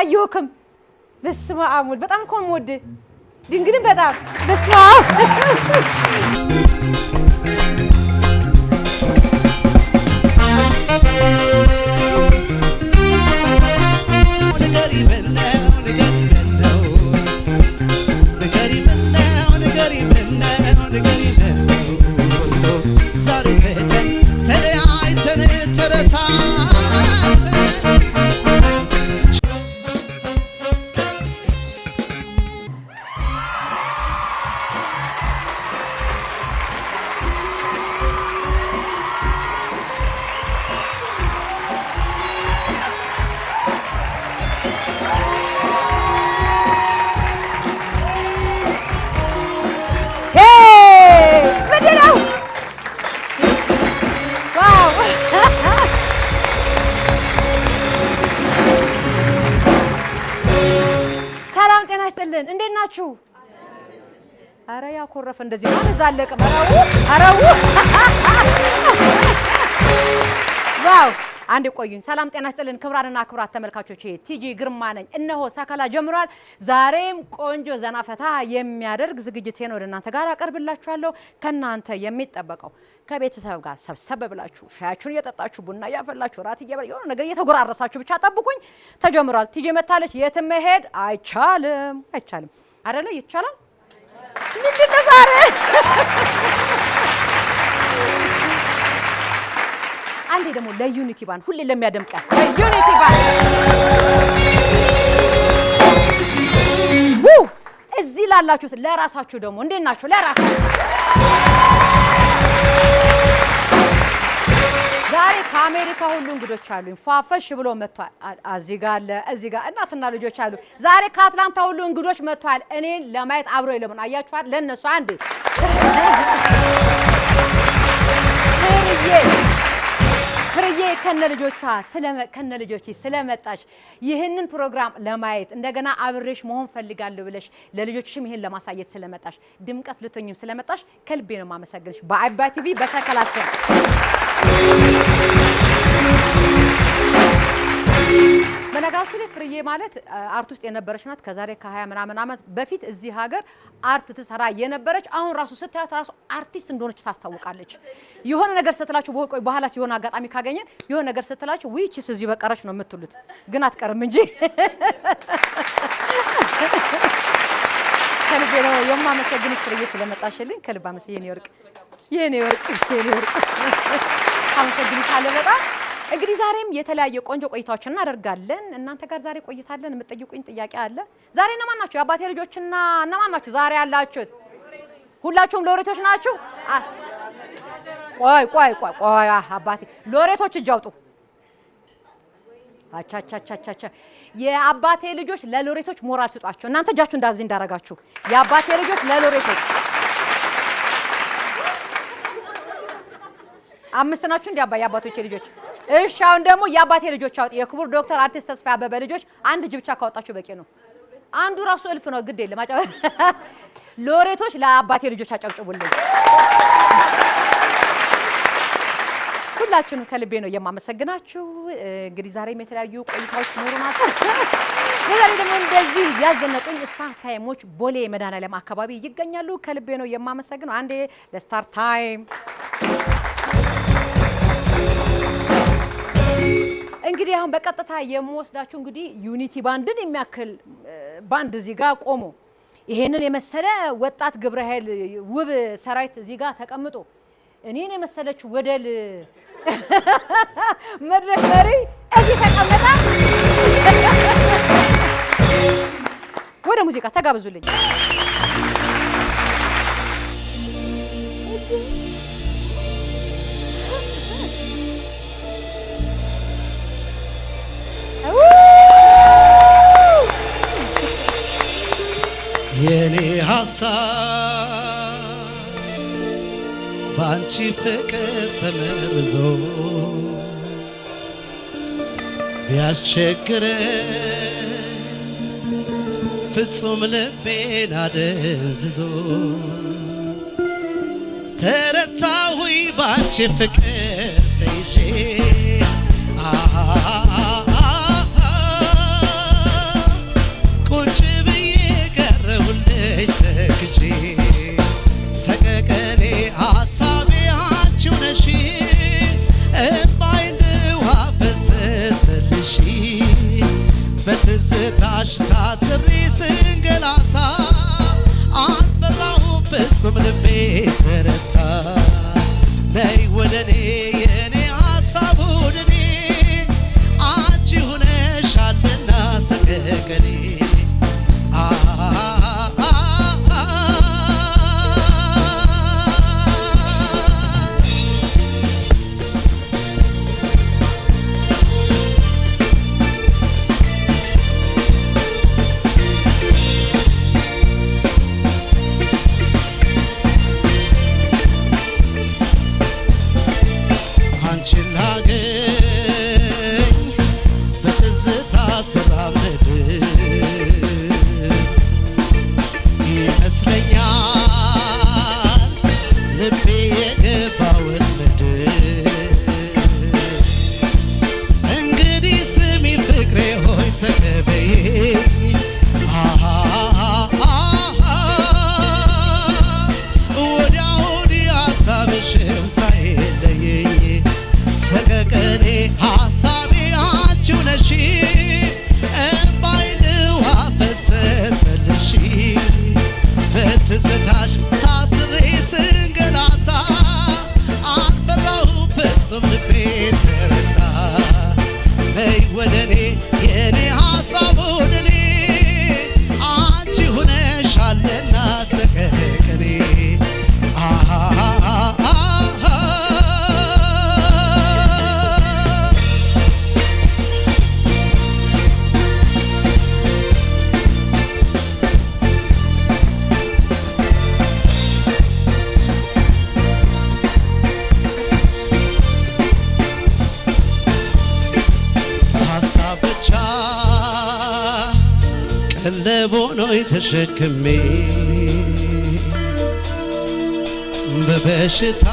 አላየሁክም። በስመ አብ ወልድ በጣም እኮ ነው የምወድህ ድንግልን በጣም በስመ አብ እንደዚህ ማለት አለቅም። አረው ዋው! አንድ ቆዩኝ። ሰላም ጤና ይስጥልን። ክብራንና ክብራት ተመልካቾች ቲጂ ግርማ ነኝ። እነሆ ሰከላ ጀምሯል። ዛሬም ቆንጆ ዘና ፈታ የሚያደርግ ዝግጅት ዝግጅቴን ወደ እናንተ ጋር አቀርብላችኋለሁ። ከእናንተ የሚጠበቀው ከቤተሰብ ጋር ሰብሰብ ብላችሁ ሻያችሁን እየጠጣችሁ ቡና እያፈላችሁ ራት እየበላ የሆነ ነገር እየተጎራረሳችሁ ብቻ ጠብቁኝ። ተጀምሯል። ቲጂ መታለች። የት መሄድ አይቻልም፣ አይቻልም። አደለ? ይቻላል ምንድን ነው ባረ አንዴ ደግሞ ለዩኒቲ ባንድ ሁሌ ለሚያደምቀን ለዩኒቲ ባንድ እዚህ ላላችሁት ለራሳችሁ ደግሞ እንዴት ናችሁ? ለራሳችሁ ዛሬ ከአሜሪካ ሁሉ እንግዶች አሉኝ። ፏፈሽ ብሎ መጥቷል። እዚህ ጋ አለ፣ እዚህ ጋ እናትና ልጆች አሉ። ዛሬ ከአትላንታ ሁሉ እንግዶች መጥቷል። እኔን ለማየት አብሮ የለምን አያችኋል። ለእነሱ አንድ ፍርዬ ከነ ልጆቿ ከነ ልጆች ስለመጣሽ ይህንን ፕሮግራም ለማየት እንደገና አብሬሽ መሆን ፈልጋለሁ ብለሽ ለልጆችሽም ይህን ለማሳየት ስለመጣሽ ድምቀት ልትሆኝም ስለመጣሽ ከልቤ ነው የማመሰግንሽ። በአባይ ቲቪ በተከላከል በነገራችን ላይ ፍርዬ ማለት አርት ውስጥ የነበረች ናት። ከዛሬ ከ20 ምናምን ዓመት በፊት እዚህ ሀገር አርት ትሰራ የነበረች አሁን ራሱ ስታያት ራሱ አርቲስት እንደሆነች ታስታውቃለች። የሆነ ነገር ስትላችሁ በኋላ ሲሆን አጋጣሚ ካገኘን የሆነ ነገር ስትላችሁ ዊችስ እዚህ በቀረች ነው የምትሉት፣ ግን አትቀርም እንጂ ከልቤ ነው የማመሰግንሽ ፍርዬ ስለመጣሽልኝ። ከልብ አመሰግን። የኔ ወርቅ የኔ ወርቅ የኔ ወርቅ አመሰግናለሁ በጣም እንግዲህ ዛሬም የተለያየ ቆንጆ ቆይታዎችን እናደርጋለን። እናንተ ጋር ዛሬ ቆይታለን። የምትጠይቁኝ ጥያቄ አለ። ዛሬ እነማን ናችሁ? የአባቴ ልጆችና እነማን ናችሁ ዛሬ ያላችሁት? ሁላችሁም ሎሬቶች ናችሁ? ቆይ ቆይ ቆይ ቆይ አባቴ ሎሬቶች እጅ አውጡ። አቻቻቻቻቻ የአባቴ ልጆች ለሎሬቶች ሞራል ስጧቸው። እናንተ እጃችሁ እንዳዚህ እንዳረጋችሁ የአባቴ ልጆች ለሎሬቶች አምስት ናችሁ እንዲ አባ የአባቶቼ ልጆች። እሺ አሁን ደግሞ የአባቴ ልጆች አውጥ። የክቡር ዶክተር አርቲስት ተስፋ አበበ ልጆች አንድ እጅ ብቻ ካወጣችሁ በቂ ነው። አንዱ ራሱ እልፍ ነው። ግድ የለም አጫው ሎሬቶች ለአባቴ ልጆች አጨብጭቡልኝ። ሁላችሁንም ከልቤ ነው የማመሰግናችሁ። እንግዲህ ዛሬም የተለያዩ ቆይታዎች ኖሩ ናቸው። ለዛሬ ደግሞ እንደዚህ ያዘነጡኝ ስታር ታይሞች ቦሌ መድኃኔዓለም አካባቢ ይገኛሉ። ከልቤ ነው የማመሰግነው። አንዴ ለስታር ታይም እንግዲህ አሁን በቀጥታ የምወስዳችሁ እንግዲህ ዩኒቲ ባንድን የሚያክል ባንድ እዚህ ጋር ቆሞ ይሄንን የመሰለ ወጣት ግብረ ኃይል ውብ ሰራዊት እዚህ ጋር ተቀምጦ እኔን የመሰለች ወደል መድረክ መሪ እዚህ ተቀመጣ። ወደ ሙዚቃ ተጋብዙልኝ። ሀሳብ በአንቺ ፍቅር ተመርዞ ቢያስቸግረ ፍጹም ልቤን አደንዝዞ ተረታሁኝ ባንቺ ፍቅር ተሸክሜ በበሽታ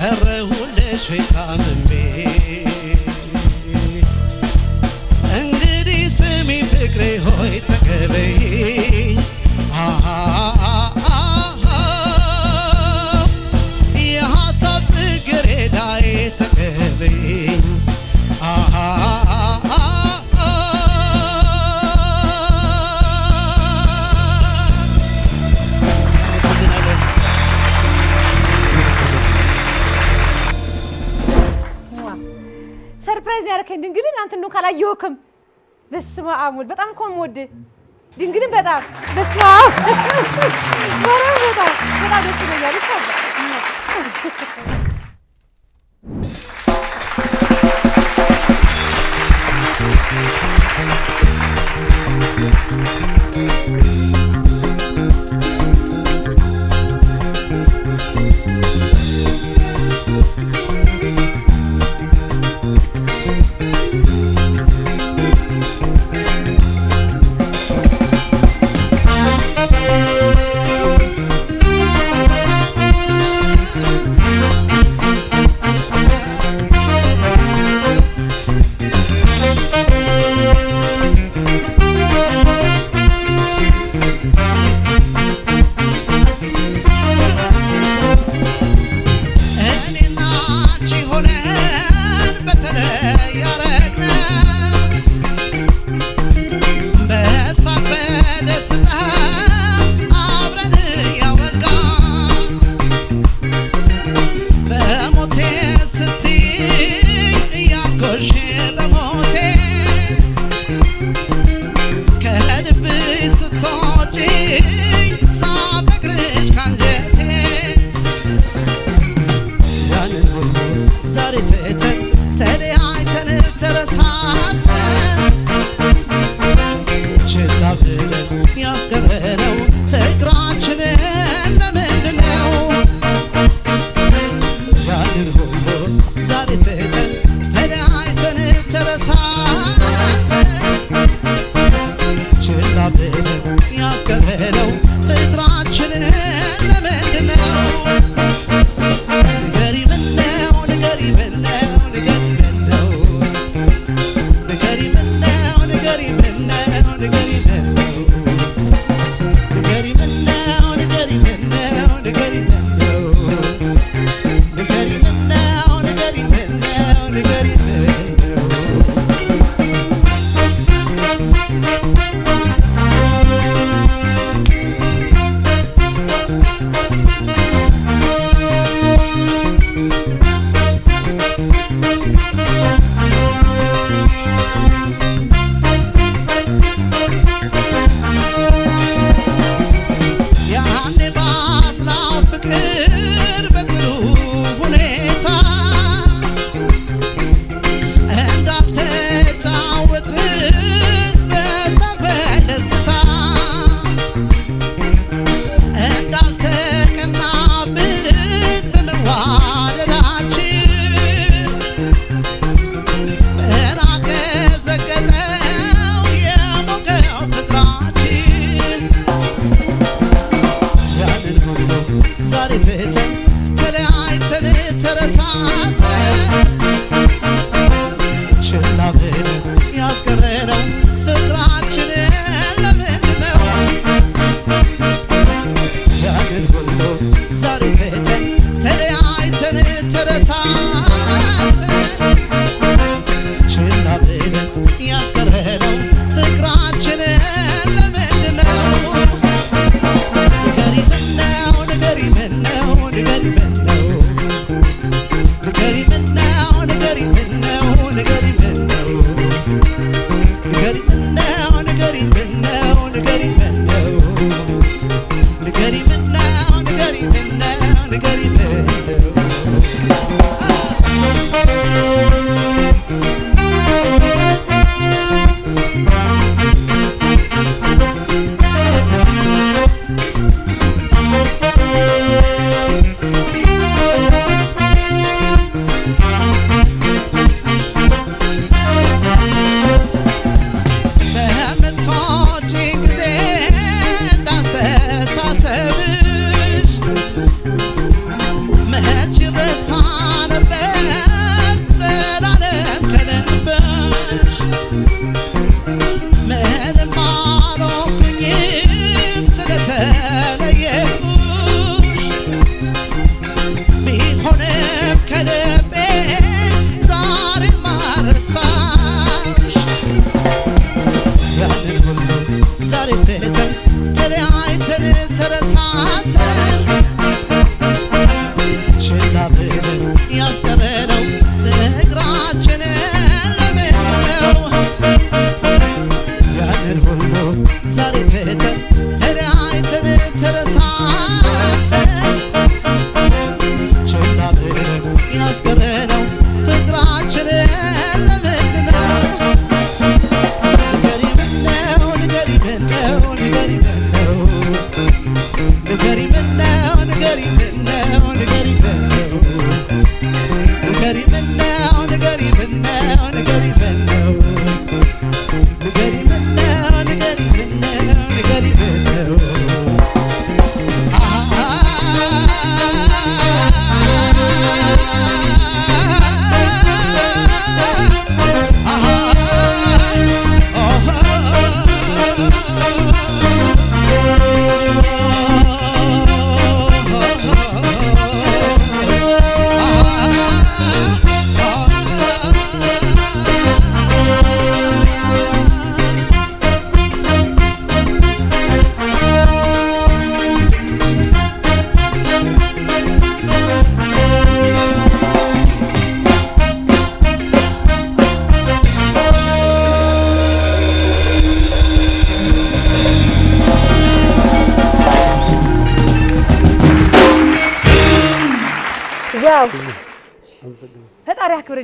ቀረሁለሽ ታምሜ አደረከኝ ድንግልን አንተ እንደው ካላየሁክም በስመ አብ ወልድ በጣም እኮ የምወድህ ድንግልን በጣም በስመ አብ በጣም በጣም ደስ ይለኛል። ይሻላል ብለን ተረሳሰ ችላ ብለን ያስቀረነው ፍቅራችን ለምንድን ነው? ያንን ሁሉ ዛሬ ትተን ተለያይተን ተረሳሰ ችላ ብለን ያስቀረነው ፍቅራችን ለምንድን ንገሪ ምነው ንገሪ ምነው ንገሪ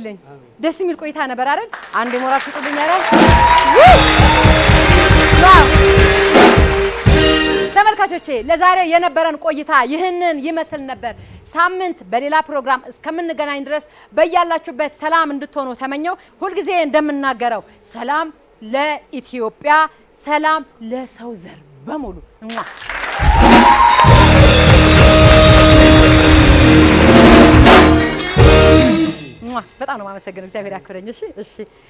ይክፈልልኝ። ደስ የሚል ቆይታ ነበር አይደል? አንድ የሞራል ሽጡልኝ አይደል? ተመልካቾቼ ለዛሬ የነበረን ቆይታ ይህንን ይመስል ነበር። ሳምንት በሌላ ፕሮግራም እስከምንገናኝ ድረስ በያላችሁበት ሰላም እንድትሆኑ ተመኘው። ሁልጊዜ እንደምናገረው ሰላም ለኢትዮጵያ፣ ሰላም ለሰው ዘር በሙሉ በጣም ነው የማመሰግነው። እግዚአብሔር ያክብረኝ። እሺ፣ እሺ።